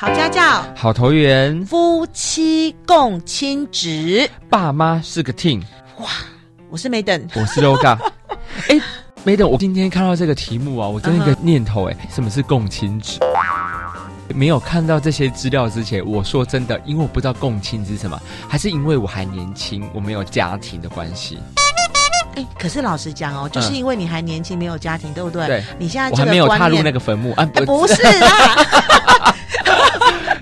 好家教，好投緣，夫妻共親職，爸媽是個 team。哇，我是 Madam。我是 Loga。哎、 欸，Madam。我今天看到這個題目啊，我真的一個念頭、欸，哎、uh，huh. 什麼是共親職？沒有看到這些資料之前，我說真的，因為我不知道共親是什麼，還是因為我還年輕，我沒有家庭的關係。哎、欸，可是老實講哦，就是因為你還年輕，嗯、沒有家庭，對不對？對。你現在我還沒有踏入那個墳墓啊，不，欸、不是啊。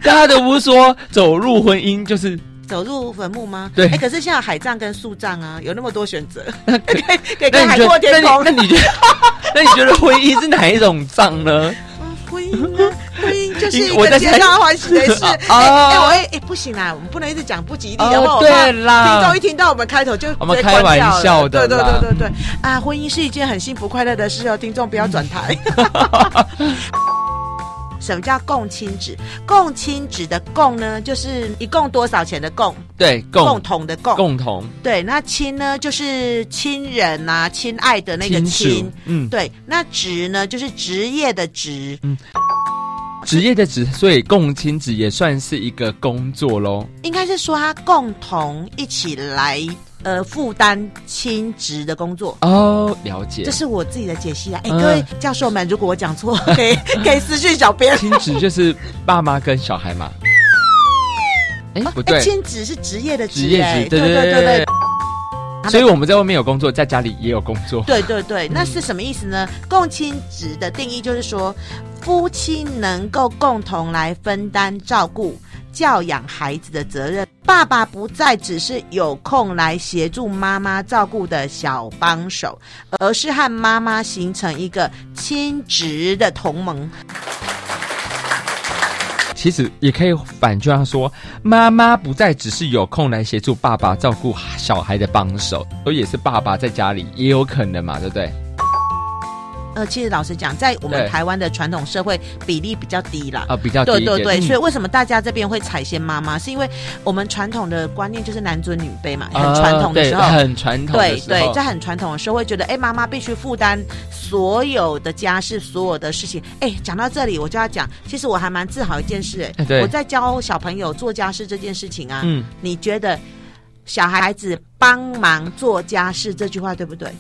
大家都不是說走入婚姻就是、嗯、走入墳墓嗎？對。哎、欸，可是像有海葬跟樹葬啊，有那麼多選擇，可， 可以可跟海闊天空，那你覺得？那你覺得婚姻是哪一種葬呢？啊、婚姻、啊，婚姻就是一件皆大歡喜的事哎，哎哎、啊欸欸欸，不行啊，我們不能一直講不吉利，的、啊、要不然我怕啦聽眾一聽到我們開頭就我們開玩笑的。對對對對對，啊，婚姻是一件很幸福快樂的事哦、喔，聽眾不要轉台。 什麼叫共親職？共親職的共呢，就是一共多少錢的共？對，共，共同的共，共同。對，那親呢，就是親人吶，啊，親愛的那個親。親嗯，對，那職呢，就是職業的職。嗯、職業的職，所以共親職也算是一個工作嘍。應該是說，他共同一起來。呃，負擔親職的工作哦，了解，這是我自己的解析啊。哎、欸，各位教授們，呃、如果我講錯，可以可以 私訊小編。親 職就是爸媽跟小孩嘛？哎、欸，哦、不對，親職、欸、是職業的職、欸，職業職，對對對對，對，對。所以我們在外面有工作，在家裡也有工作。對對對，嗯、那是什麼意思呢？共親職的定義就是說，夫妻能夠共同來分擔照顧，教養孩子的責任，爸爸不再只是有空來協助媽媽照顧的小幫手，而是和媽媽形成一個親職的同盟。其實也可以反轉來說，媽媽不再只是有空來協助爸爸照顧小孩的幫手，所以也是爸爸在家裡也有可能嘛，對不對？呃，其實老實講，在我們台灣的傳統社會比例比較低啦，對啊，比較低對對對，嗯、所以為什麼大家這邊會採賢媽媽？是因為我們傳統的觀念就是男尊女卑嘛，很傳統的時候，候、啊，很傳統，對對，在很傳統的社會，覺得哎、欸，媽媽必須負擔所有的家事，所有的事情。哎、欸，講到這裡，我就要講，其實我還蠻自豪一件事、欸，哎、欸，對我在教小朋友做家事這件事情啊，嗯，你覺得小孩子幫忙做家事這句話對不對？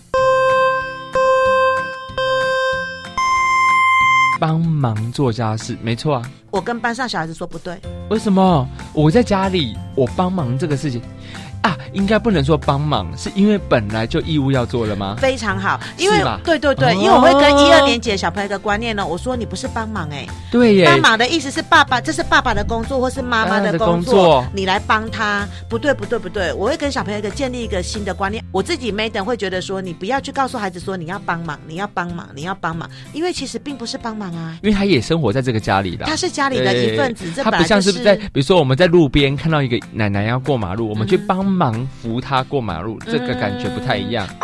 幫忙做家事，沒錯啊。我跟班上小孩子說不對，為什麼？我在家裡，我幫忙這個事情。應該不能說幫忙，是因為本來就義務要做了嗎？非常好，因為是吧？對對對，哦、因為我會跟一二年級的小朋友一個觀念呢，我說，你不是幫忙哎、欸，對耶，幫忙的意思是爸爸，這是爸爸的工作或是媽媽的工作，他他的工作你來幫他。不對不對不對，我會跟小朋友一個建立一個新的觀念。我自己 Madam 會覺得說，你不要去告訴孩子說你要幫忙，你要幫忙，你要幫忙，因為其實並不是幫忙啊，因為他也生活在這個家裡的，他是家裡的一份子。他不像是在比如說我們在路邊看到一個奶奶要過馬路，我們去幫忙。嗯扶他過馬路，這個感覺不太一樣，嗯、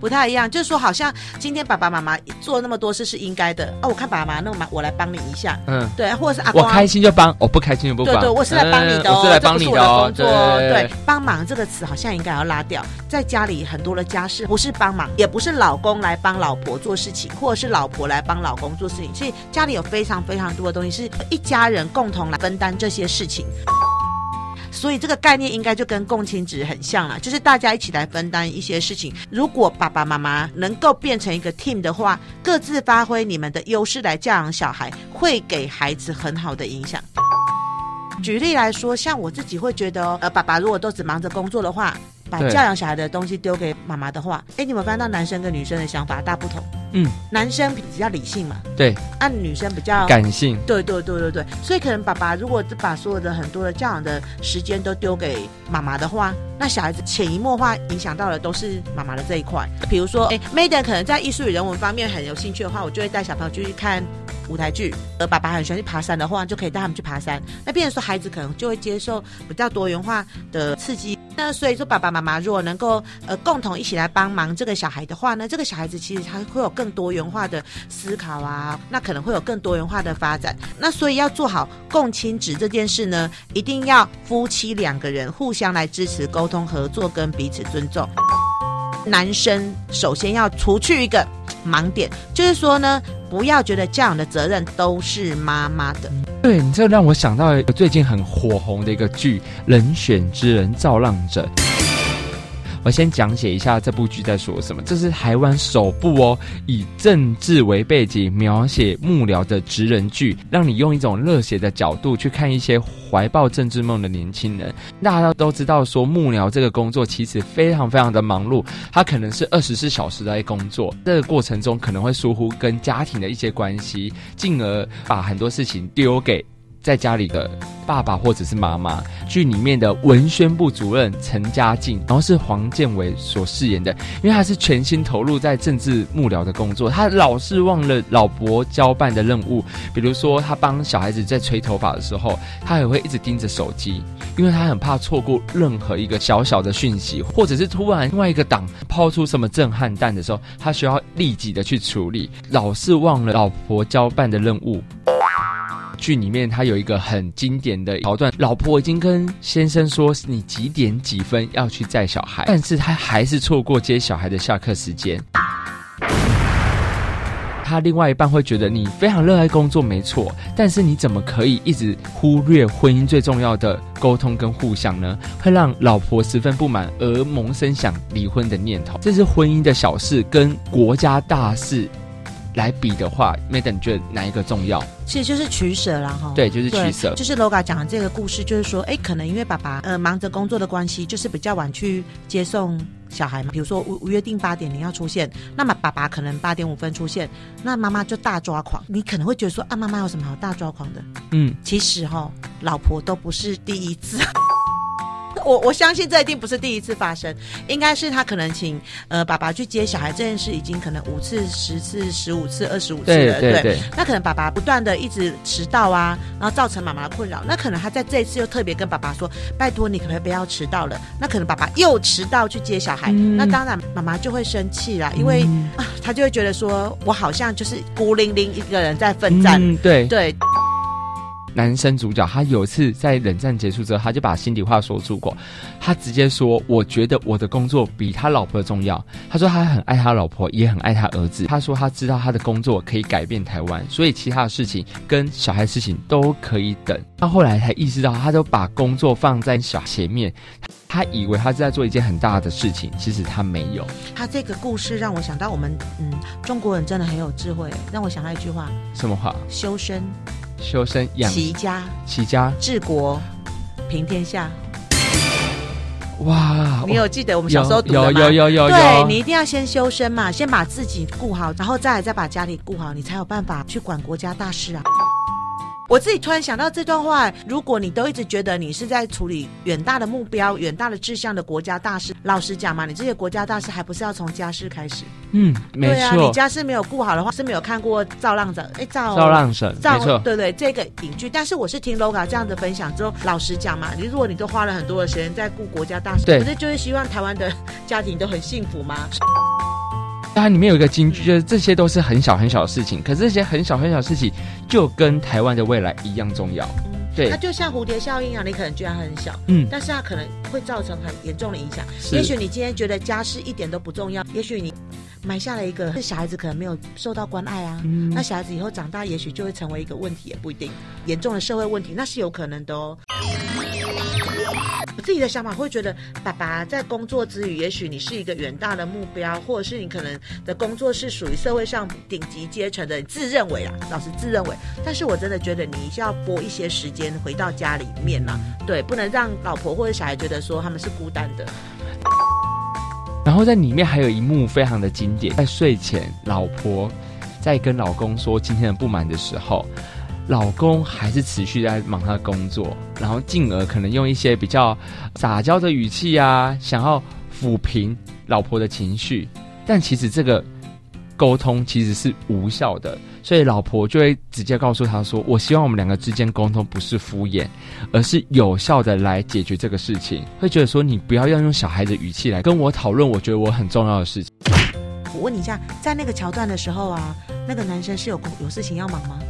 不太一樣，就是說，好像今天爸爸媽媽做那麼多事是應該的。哦，我看爸，爸媽那麼忙，我來幫你一下。嗯，對，或者是阿公，我開心就幫，我、哦、不開心就不幫。對，對，我是來幫你的、哦、嗯、這，我是來幫你的工作。對，對，對，對，對，幫忙這個詞好像應該要拉掉。在家裡很多的家事，不是幫忙，也不是老公來幫老婆做事情，或者是老婆來幫老公做事情。所以家裡有非常非常多的東西，是一家人共同來分擔這些事情。所以這個概念應該就跟共親職很像了，就是大家一起來分擔一些事情。如果爸爸媽媽能夠變成一個 team 的話，各自發揮你們的優勢來教養小孩，會給孩子很好的影響。對舉例來說，像我自己會覺得，哦，呃，爸爸如果都只忙着工作的話，把教養小孩的東西丟給媽媽的話，誒，你們發現到男生跟女生的想法大不同。嗯，男生比較理性嘛，對；按、啊、女生比較感性，對對對對對。所以可能爸爸如果把所有的很多的教養的時間都丟給媽媽的話，那小孩子潛移默化影響到的都是媽媽的這一塊。比如說，哎、欸、，Madam 可能在藝術與人文方面很有興趣的話，我就會帶小朋友去看舞台劇；而爸爸很喜歡去爬山的話，就可以帶他們去爬山。那變成說，孩子可能就會接受比較多元化的刺激。那所以說，爸爸媽媽如果能夠呃共同一起來幫忙這個小孩的話呢，這個小孩子其實他會有更多元化的思考啊，那可能會有更多元化的發展。那所以要做好共親職這件事呢，一定要夫妻兩個人互相來支持、溝通、合作跟彼此尊重。男生首先要除去一個盲點，就是說呢，不要覺得教養的責任都是媽媽的。對，你這讓我想到一個最近很火紅的一個劇《人選之人》造浪者。我先講解一下這部劇在說什麼。這是台灣首部哦，以政治為背景描寫幕僚的職人劇，讓你用一種熱血的角度去看一些懷抱政治夢的年輕人。大家都知道說，幕僚這個工作其實非常非常的忙碌，他可能是二十四小時在工作，這個過程中可能會疏忽跟家庭的一些關係，進而把很多事情丟給。在家裡的爸爸或者是媽媽，劇裡面的文宣部主任陳家競，然後是黃健瑋所飾演的，因為他是全心投入在政治幕僚的工作，他老是忘了老婆交辦的任務，比如說他幫小孩子在吹頭髮的時候，他也會一直盯着手機，因為他很怕錯過任何一個小小的訊息，或者是突然另外一個黨拋出什麼震撼彈的時候，他需要立即的去處理，老是忘了老婆交辦的任務。劇裡面他有一個很經典的橋段，老婆已經跟先生說你幾點幾分要去載小孩，但是他還是錯過接小孩的下課時間。他另外一半會覺得你非常熱愛工作沒錯，但是你怎麼可以一直忽略婚姻最重要的溝通跟互相呢？會讓老婆十分不滿而萌生想離婚的念頭。這是婚姻的小事跟國家大事。來比的話 Madam 你覺得哪一個重要？其實就是取舍了哈。對，就是取舍。就是 Loga 講的這個故事，就是說，哎、欸，可能因為爸爸呃忙着工作的關係，就是比較晚去接送小孩嘛。比如說，約約定八點你要出現，那麼爸爸可能八點五分出現，那媽媽就大抓狂。你可能會覺得說，啊，媽媽有什麼好大抓狂的？嗯，其實哈，老婆都不是第一次。 我我相信這一定不是第一次發生，應該是他可能請呃爸爸去接小孩這件事已經可能五次、十次、十五次、二十五次了，對對對。對對，那可能爸爸不斷的一直遲到啊，然後造成媽媽的困擾。那可能他在這一次又特別跟爸爸說，拜託你可不可以不要遲到了？那可能爸爸又遲到去接小孩，嗯、那當然媽媽就會生氣啦，因為、嗯、啊他就會覺得說我好像就是孤零零一個人在奮戰，對、嗯、對。對男生主角他有一次在冷戰結束之後，他就把心裡話說出過，他直接說：“我覺得我的工作比他老婆重要。”他說：“他很愛他老婆，也很愛他兒子。”他說：“他知道他的工作可以改變台灣，所以其他的事情跟小孩事情都可以等。”他後來才意識到，他都把工作放在小孩前面。他以為他是在做一件很大的事情，其實他沒有。他這個故事讓我想到我們，嗯，中國人真的很有智慧，讓我想到一句話：什麼話？修身。修身養、齊家、齊家、治國、平天下。哇！你有記得我們小時候讀的嗎？對，你一定要先修身嘛，先把自己顧好，然後再來再把家裡顧好，你才有辦法去管國家大事啊。我自己突然想到這段話，如果你都一直覺得你是在處理遠大的目標、遠大的志向的國家大事，老實講嘛，你這些國家大事還不是要從家事開始？嗯，沒錯、啊，你家事沒有顧好的話，是沒有看過造浪者》欸。哎，造浪神，造照，錯對，對對，這個影劇。但是我是聽 Loga 這樣的分享之後，老實講嘛，你如果你都花了很多的時間在顧國家大事，可對是就是希望台灣的家庭都很幸福嗎？當然對、啊，裡面有一個金句，嗯、就是這些都是很小很小的事情，可是這些很小很小的事情，就跟台灣的未來一樣重要，對，它、啊、就像蝴蝶效應啊，你可能覺得它很小，嗯，但是它可能會造成很嚴重的影響。是也許你今天覺得家事一點都不重要，也許你埋下了一個，是小孩子可能沒有受到關愛啊，嗯、那小孩子以後長大，也許就會成為一個問題，也不一定嚴重的社會問題，那是有可能的哦。自己的想法會覺得，爸爸在工作之餘，也許你是一個遠大的目標，或者是你可能的工作是屬於社會上頂級階層的自認為啦，老實自認為。但是我真的覺得，你需要撥一些時間回到家裡面啦，對，不能讓老婆或者小孩覺得說他們是孤單的。然後在裡面還有一幕非常的經典，在睡前，老婆在跟老公說今天的不滿的時候。老公還是持續在忙他的工作，然後進而可能用一些比較撒嬌的語氣啊，想要撫平老婆的情緒，但其實這個溝通其實是無效的，所以老婆就會直接告訴他說：“我希望我們兩個之間溝通不是敷衍，而是有效的來解決這個事情。”會覺得說：“你不要要用小孩的語氣來跟我討論，我覺得我很重要的事情。”我問你一下，在那個橋段的時候啊，那個男生是有有事情要忙嗎？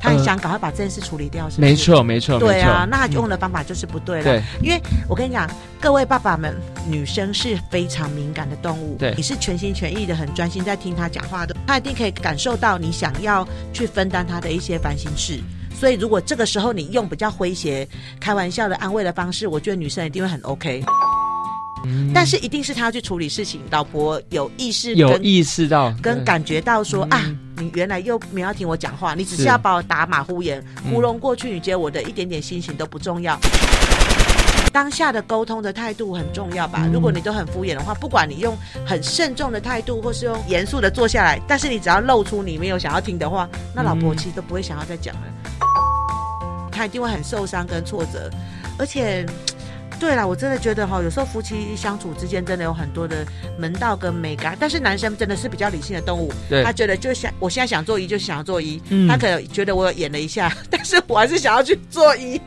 他很想趕快把這件事處理掉，是，是沒錯，沒錯，對啊，那用的方法就是不對了。嗯、對，因為我跟你講，各位爸爸們，女生是非常敏感的動物，對，你是全心全意的、很專心在聽他講話的，他一定可以感受到你想要去分擔他的一些煩心事。所以，如果這個時候你用比較詼諧、開玩笑的安慰的方式，我覺得女生一定會很 OK、嗯。但是，一定是他要去處理事情，老婆有意識、有意識到、跟感覺到說、嗯、啊。你原來又沒有聽我講話，你只是要把我打馬虎眼、糊弄、嗯、過去，你覺得我的一點點心情都不重要。當下的溝通的態度很重要吧？嗯、如果你都很敷衍的話，不管你用很慎重的態度，或是用嚴肅的坐下來，但是你只要露出你沒有想要聽的話，那老婆其實都不會想要再講了。她、嗯、一定會很受傷跟挫折，而且。對啦，我真的覺得哈、哦，有時候夫妻相處之間真的有很多的門道跟美感，但是男生真的是比較理性的動物，對他覺得就想我現在想做醫，就想要做醫，嗯、他可能覺得我演了一下，但是我還是想要去做醫。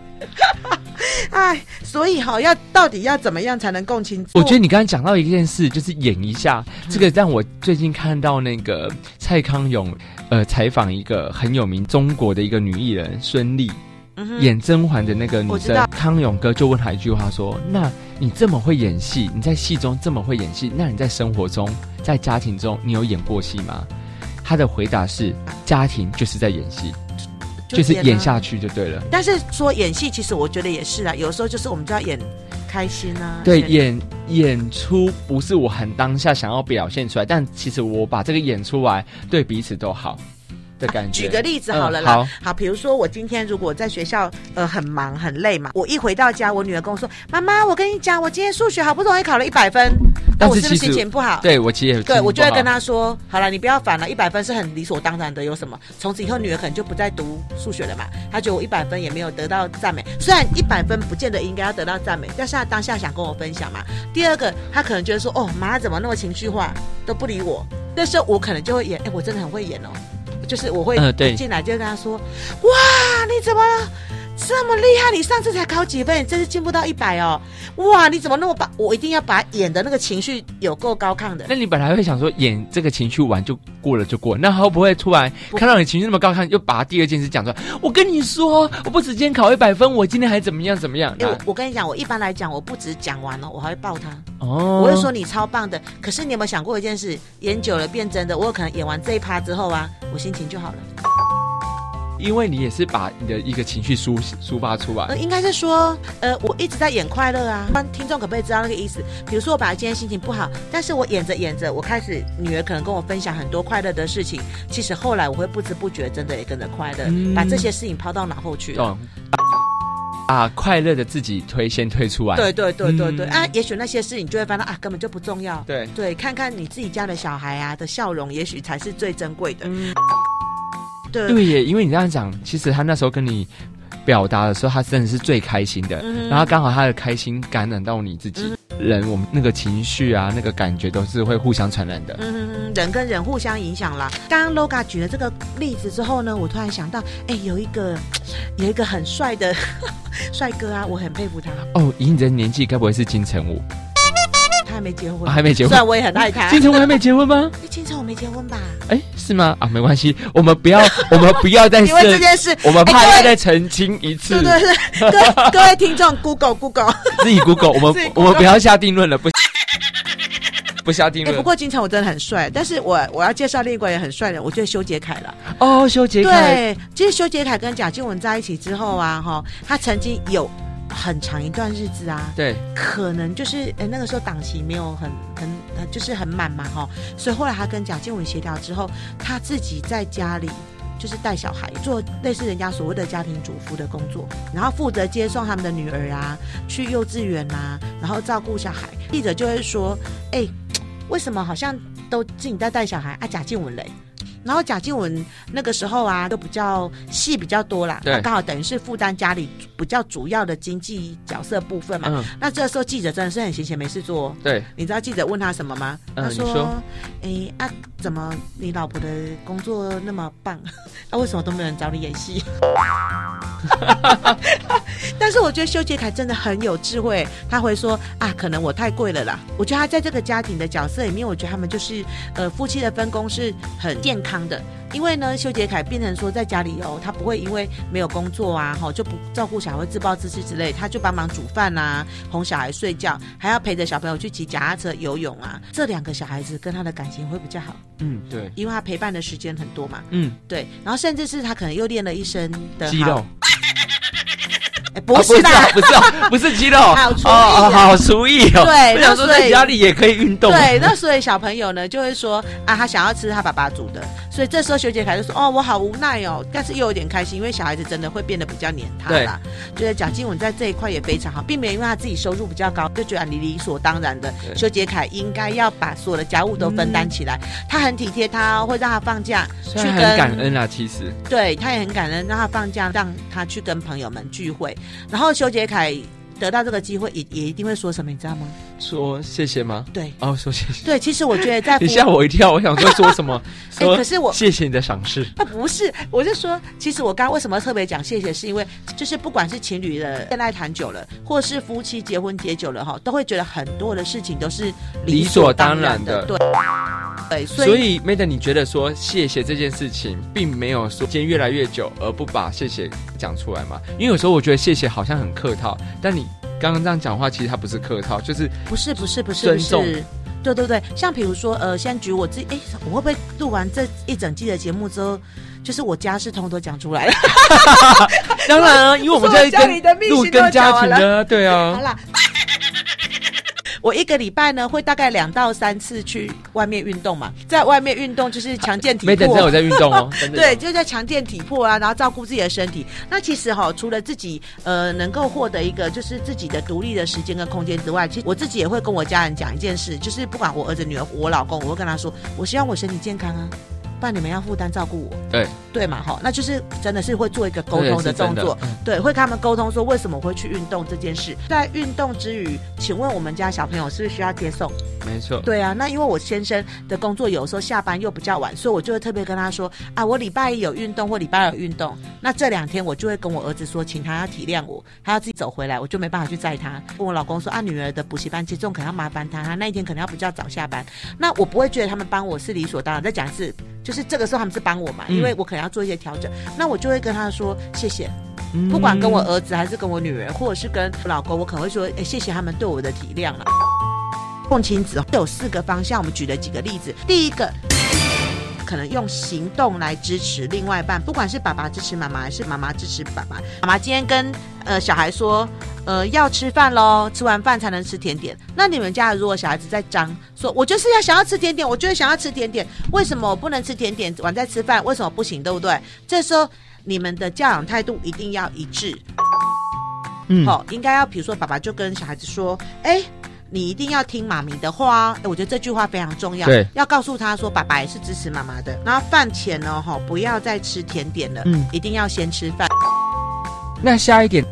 哎， 所以哈、哦，要到底要怎麼樣才能共親職？我覺得你剛才講到一件事，就是演一下這個，讓我最近看到那個蔡康永呃採訪一個很有名中國的一個女藝人孫儷。演甄嬛的那個女生，康永哥就問他一句話說：“那你這麼會演戲，你在戲中這麼會演戲，那你在生活中，在家庭中，你有演過戲嗎？”他的回答是：“家庭就是在演戲，就，就，演就是演下去就對了。”但是說演戲，其實我覺得也是啊，有時候就是我們就要演開心啊。對，演現演出不是我很當下想要表現出來，但其實我把這個演出來，對彼此都好。啊、舉個例子好了啦，啦、嗯，好，比如說我今天如果在學校呃很忙很累嘛，我一回到家，我女兒跟我說：“媽媽，我跟你講，我今天數學好不容易考了一百分，但，是但我真是的是心情不好。對”對我其實也對我就會跟她說：“好了，你不要煩了，一百分是很理所當然的，有什麼？從此以後女兒可能就不再讀數學了嘛。她覺得我一百分也沒有得到讚美，雖然一百分不見得應該要得到讚美，但是她當下想跟我分享嘛。第二個，她可能覺得說：“哦，媽怎麼那麼情緒化，都不理我？”那時候我可能就會演：“哎、欸，我真的很會演哦。”就是我會進來就跟他說：“呃、對哇，你怎麼了？”這麼厲害！你上次才考幾分，你這次進步到一百哦！哇，你怎麼那麼棒？我一定要把演的那個情緒有夠高亢的。那你本來會想說演這個情緒完就過了就過，那會不會突然看到你情緒那麼高亢，不，又把第二件事講出來？我跟你說，我不止今天考一百分，我今天還怎麼樣怎麼樣啊？欸，我我跟你講，我一般來講，我不止講完了哦，我還會抱他。哦，我會說你超棒的。可是你有沒有想過一件事？演久了變真的，我有可能演完這一趴之後啊，我心情就好了。因為你也是把你的一個情緒抒抒發出來、呃，應該是說，呃，我一直在演快樂啊。聽眾可不可以知道那個意思？比如說，我本來今天心情不好，但是我演着演着，我開始女兒可能跟我分享很多快樂的事情。其實後來我會不知不覺，真的也跟着快樂，嗯、把這些事情拋到腦後去了。懂、哦啊。啊，快樂的自己推先推出來。對,對對對對對。嗯、啊，也許那些事情就會發現啊，根本就不重要。對。對，看看你自己家的小孩啊的笑容，也許才是最珍貴的。嗯對耶，因為你這樣講，其實他那時候跟你表達的時候，他真的是最開心的。嗯、然後剛好他的開心感染到你自己，嗯、人我們那個情緒啊，那個感覺都是會互相傳染的。嗯，人跟人互相影響啦。剛剛 Loga 舉了這個例子之後呢，我突然想到，哎、欸，有一個有一個很帥的帥哥啊，我很佩服他。哦，以你的年紀，該不會是金城武？沒結婚、啊，還沒結婚。雖然我也很愛他。金城，我還沒結婚嗎？ 金城，我沒結婚吧？哎、欸，是嗎？啊，沒關係，我們不要，我們不要再因為這件事，我們怕、欸、要再澄清一次。對對對，各位 各位聽眾 Go，Google Google，自己 Google，我們 Go 我們不要下定論了，不不下定論、欸。不過金城我真的很帥，但是我我要介紹另一個也很帥的，我覺得修杰楷了。哦，修杰楷。對，其實修杰楷跟賈靜雯在一起之後啊，哈，他曾經有。很長一段日子啊，對，可能就是誒、欸、那個時候檔期沒有很很就是很滿嘛哈，所以後來他跟賈靜雯協調之後，他自己在家裡就是帶小孩，做類似人家所謂的家庭主婦的工作，然後負責接送他們的女兒啊去幼稚園啊，然後照顧小孩。記者就會說，哎、欸，為什麼好像都自己在帶小孩啊文？賈靜雯嘞？然後賈靜雯那個時候啊，都比較戲比較多啦她，對剛好等於是負擔家裡比較主要的經濟角色部分嘛。嗯、那這個時候記者真的是很閒閒沒事做。對，你知道記者問他什麼嗎？嗯、他說：“哎說、欸、啊，怎麼你老婆的工作那麼棒？那、 啊、為什麼都沒有人找你演戲？”但是我覺得修杰楷真的很有智慧，他會說：“啊，可能我太貴了啦。”我覺得他在這個家庭的角色裡面，我覺得他們就是呃夫妻的分工是很健康。的，因為呢，修杰楷變成說在家裡哦，他不會因為沒有工作啊，齁，就不照顧小孩會自暴自棄之類，他就幫忙煮飯啊，哄小孩睡覺，還要陪着小朋友去騎腳踏車、游泳啊。這兩個小孩子跟他的感情會比較好。嗯，對，因為他陪伴的時間很多嘛。嗯，對，然後甚至是他可能又練了一身的肌肉。不是的，不是、哦不是，啊不是啊，不是肌肉， 好廚藝、哦哦，好廚藝哦。對，那所以在家裡也可以運動。對，那所以小朋友呢，就會說啊，他想要吃他爸爸煮的。所以這時候修杰楷就說，哦，我好無奈哦，但是又有點開心，因為小孩子真的會變得比較黏他啦。對。覺得賈靜雯在這一塊也非常好，並沒有因為他自己收入比較高就覺得你理所當然的，對修杰楷應該要把所有的家務都分擔起來。他、嗯、很體貼，他會讓他放假去跟，很感恩啊，其實。對他也很感恩，讓他放假，讓他去跟朋友們聚會。然後，修杰楷得到這個機會也，也也一定會說什麼，你知道嗎？說謝謝嗎？對，哦，說謝謝。對，其實我覺得在 你嚇我一跳，我想說說，說什麼？哎 說、欸，可是我謝謝你的賞識。他、啊、不是，我是說，其實我剛，剛為什麼特別講謝謝，是因為就是不管是情侶的戀愛談久了，或是夫妻結婚結久了哈，都會覺得很多的事情都是理所當然的。理所當然的對，對，所以，Madam，以你覺得說謝謝這件事情，並沒有說時間越來越久而不把謝謝講出來嗎？因為有時候我覺得謝謝好像很客套，但你。剛剛這樣講話，其實他不是客套，就是不是不是不是尊重。對，對對對，像比如說，呃，先舉我自己，哎，我會不會錄完這一整季的節目之後，就是我家事通通都講出來？ 當然啊，因為我們在跟錄跟家庭的，對啊， 好啦我一個禮拜呢，會大概兩到三次去外面運動嘛，在外面運動就是強健體魄。沒等在我在運動哦， 對，就在強健體魄啊，然後照顧自己的身體。那其實哈、哦，除了自己呃能夠獲得一個就是自己的獨立的時間跟空間之外，其實我自己也會跟我家人講一件事，就是不管我兒子、女兒、我老公，我會跟他說，我希望我身體健康啊。但你們要負擔照顧我，對對嘛，齁，那就是真的是會做一個溝通的動作，對，會跟他們溝通說為什麼會去運動這件事，在運動之餘，請問我們家小朋友是不是需要接送？沒錯，對啊，那因為我先生的工作有時候下班又比較晚，所以我就會特別跟他說啊，我禮拜一有運動或禮拜二有運動，那這兩天我就會跟我兒子說，請他要體諒我，他要自己走回來，我就沒辦法去載他。跟我老公說啊，女兒的補習班接送可能要麻煩他，他那一天可能要比較早下班，那我不會覺得他們幫我是理所當然。再講一次，就是這個時候他們是幫我嘛，因為我可能要做一些調整，嗯、那我就會跟他說謝謝，不管跟我兒子還是跟我女兒，或者是跟我老公，我可能會說，哎、欸，謝謝他們對我的體諒了、啊。共親職有四個方向，我們舉了幾個例子。第一個，可能用行動來支持另外一半，不管是爸爸支持媽媽，還是媽媽支持爸爸。媽媽今天跟呃小孩說，呃要吃飯嘍，吃完飯才能吃甜點。那你們家如果小孩子在張說，我就是要想要吃甜點，我就是想要吃甜點，為什麼我不能吃甜點？晚再吃飯為什麼不行？對不對？這時候你們的教養態度一定要一致。嗯、哦，應該要比如說爸爸就跟小孩子說，誒你一定要聽媽咪的話，欸、我覺得這句話非常重要，對，要告訴他說，爸爸也是支持媽媽的。然後飯前呢吼，不要再吃甜點了，嗯，一定要先吃飯。那下一點，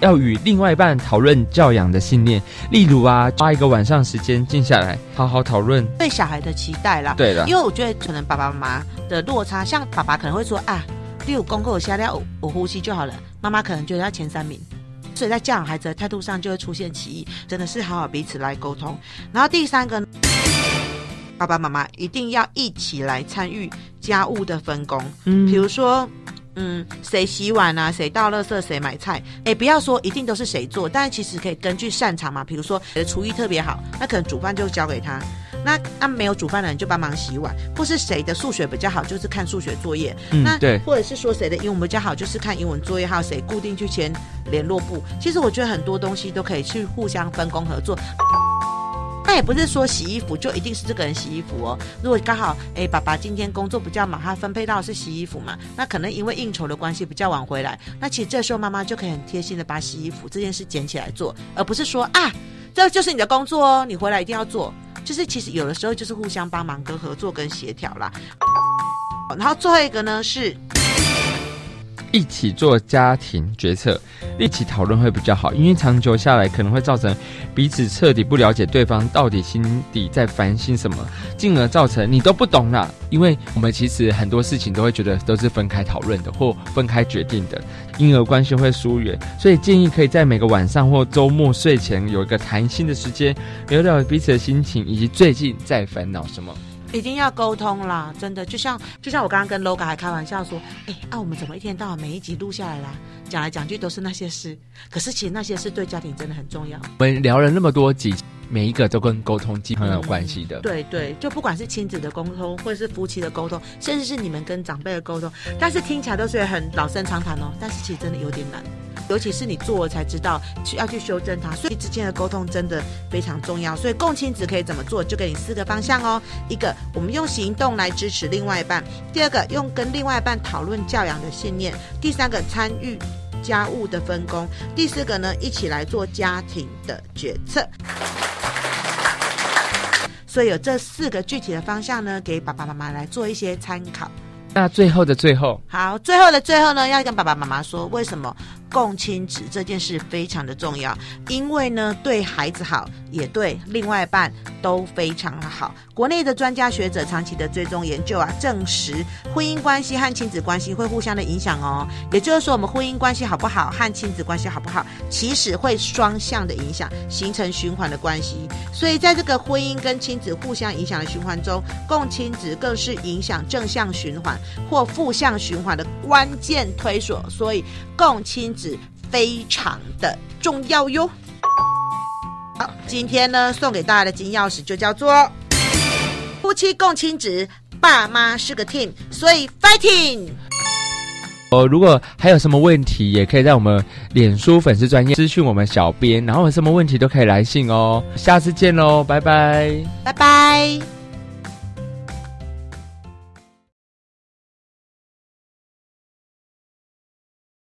要與另外一半討論教養的信念，例如啊，花一個晚上時間靜下來，好好討論對小孩的期待啦，對了，因為我覺得可能爸爸媽媽的落差，像爸爸可能會說啊，六公克我下掉，我我呼吸就好了，媽媽可能覺得要前三名。所以在教養孩子的態度上就會出現歧義，真的是好好彼此來溝通。然後第三個呢，爸爸媽媽一定要一起來參與家務的分工。嗯，比如說，嗯，誰洗碗啊，誰倒垃圾，誰買菜，哎、欸，不要說一定都是誰做，但是其實可以根據擅長嘛。比如說，你的廚藝特別好，那可能煮飯就交給他。那那、啊、沒有煮飯的人就幫忙洗碗，或是誰的數學比較好，就是看數學作業。那嗯，對。或者是說誰的英文比較好，就是看英文作業，還有誰固定去簽聯絡簿。其實我覺得很多東西都可以去互相分工合作。那也不是說洗衣服就一定是這個人洗衣服哦。如果剛好哎、欸，爸爸今天工作比較忙，他分配到是洗衣服嘛，那可能因為應酬的關係比較晚回來。那其實這時候媽媽就可以很貼心的把洗衣服這件事撿起來做，而不是說啊，這就是你的工作哦，你回來一定要做。就是其實有的時候就是互相幫忙跟合作跟協調啦，然後最後一個呢是，一起做家庭決策，一起討論會比較好，因為長久下來可能會造成彼此徹底不了解對方到底心底在煩心什麼，進而造成你都不懂啦。因為我們其實很多事情都會覺得都是分開討論的或分開決定的，因而關係會疏遠。所以建議可以在每個晚上或週末睡前有一個談心的時間，聊聊彼此的心情以及最近在煩惱什麼。一定要溝通啦，真的就像就像我剛剛跟 Loga 還開玩笑說，哎、欸，啊我們怎麼一天到晚每一集錄下來啦，講來講去都是那些事？可是其實那些事對家庭真的很重要。我們聊了那麼多集。每一個都跟溝通基本上有關係的，嗯，對對，就不管是親子的溝通，或者是夫妻的溝通，甚至是你們跟長輩的溝通，但是聽起來都是很老生常談哦，但是其實真的有點難，尤其是你做了才知道要去修正它，所以之間的溝通真的非常重要。所以共親職可以怎麼做？就給你四個方向哦：一個，我們用行動來支持另外一半；第二個，用跟另外一半討論教養的信念；第三個，參與家務的分工；第四個呢，一起來做家庭的決策。所以有這四個具體的方向呢，給爸爸媽媽來做一些參考。那最後的最後，好，最後的最後呢，要跟爸爸媽媽說，為什麼？共親職這件事非常的重要，因為呢，對孩子好，也對另外一半都非常的好。國內的專家學者長期的追蹤研究啊，證實婚姻關係和親子關係會互相的影響哦。也就是說，我們婚姻關係好不好和親子關係好不好，其實會雙向的影響，形成循環的關係。所以，在這個婚姻跟親子互相影響的循環中，共親職更是影響正向循環或負向循環的關鍵推手。所以。共親職非常的重要喲。好，今天呢送給大家的金鑰匙就叫做夫妻共親職，爸媽是個 team，所以 fighting。哦，如果還有什麼問題，也可以在我們臉書粉絲專頁諮詢我們小編，然後有什麼問題都可以來信哦。下次見嘍，拜拜，拜拜。